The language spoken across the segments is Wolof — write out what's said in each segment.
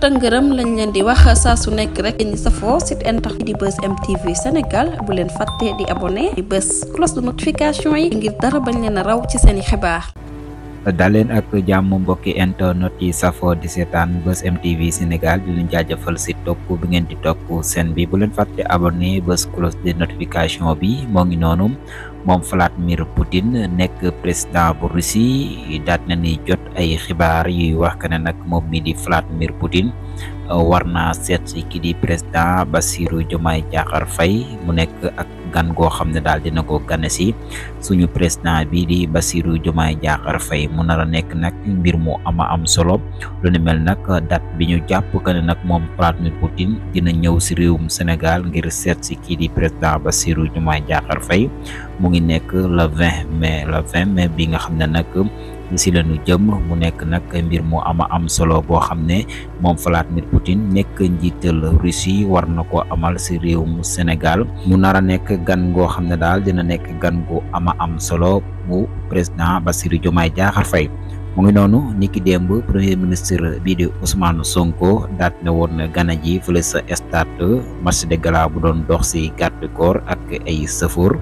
tëngërëm lañ leen di wax saa su nekk rek yéen ñi safoo site internet di bës MTV Sénégal bu leen fàtte di abonné di bës cloche de notification yi ngir dara bañ leen a raw ci seen i xibaar. daleen ak jàmm mbokki internet yi safoo di seetaan bës MTV Sénégal di leen jaajëfal si topp bi ngeen di topp seen bi bu leen fàtte abonné bës cloche de notification bi moo ngi noonu. moom Vladimir Putin, nek president bu Russie dat na ni jot ay xibar yuy wax que nak mom mi di Vladimir Putin eh, warna set ci ki di president Basiru jomay jaxar fay mu nek ak gan go xamne dal dina ko gane suñu president bi di basiru jomay jaxar fay mu nek nak mbir mu ama am solo lu ne mel nak dat biñu japp jàpp nak mom Vladimir Putin, dina ñew ci réewum senegal ngir set ci ki di president Basiru jomay jaxar fay mu ngi nekk le 20 mai le 20 mai bi nga xam ne nag si la ñu jëm mu nekk nag mbir mu ama am solo boo xam ne moom Vladimir Poutine nekk njiital Russie war na ko amal si réew mu Sénégal mu nar a nekk gan goo xam ne daal dina nekk gan gu ama am solo bu président ba Bassirou Diomaye Diakhar fay mu ngi niki démb premier ministre bi di Ousmane Sonko dat ne won gana ji fele sa stade marché de gala bu don dox ci garde corps ak ay sefour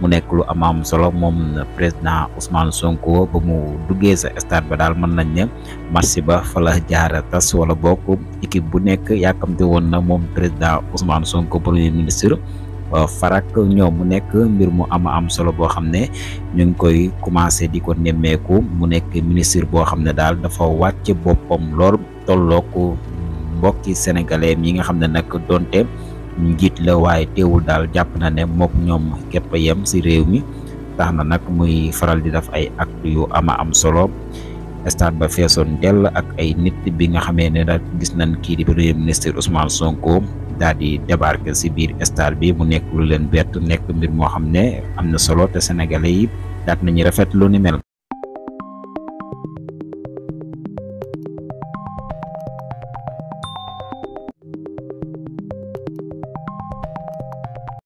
mu nek lu amaam solo mom president Ousmane Sonko ba mu duggé sa stade ba dal man nañ ne marché ba fa la jaara tas wala bokku équipe bu nek yakamti won na mom president Ousmane Sonko premier ministre Euh, farak ñoom mu nekk mbir mu am am solo boo xam ne ñu ngi koy commencé di ko nemmeeku mu nekk ministre boo xam ne daal dafa wàcc boppam lool tollooku mbokki sénégalais yi nga xam ne nag donte njiit la waaye teewul daal jàpp na ne mook ñoom képp yem ci réew mi tax na nag muy faral di def ay acte yu ama am solo stade ba feesoon dell ak ay nit bi nga xamee ne nag gis nañ kii di premier ministre Ousmane Sonko daal di débarquer si biir stade bi mu nekk lu leen bett nekk mbir moo xam ne am na solo te sénégalais yi na nañu rafet lu ni mel.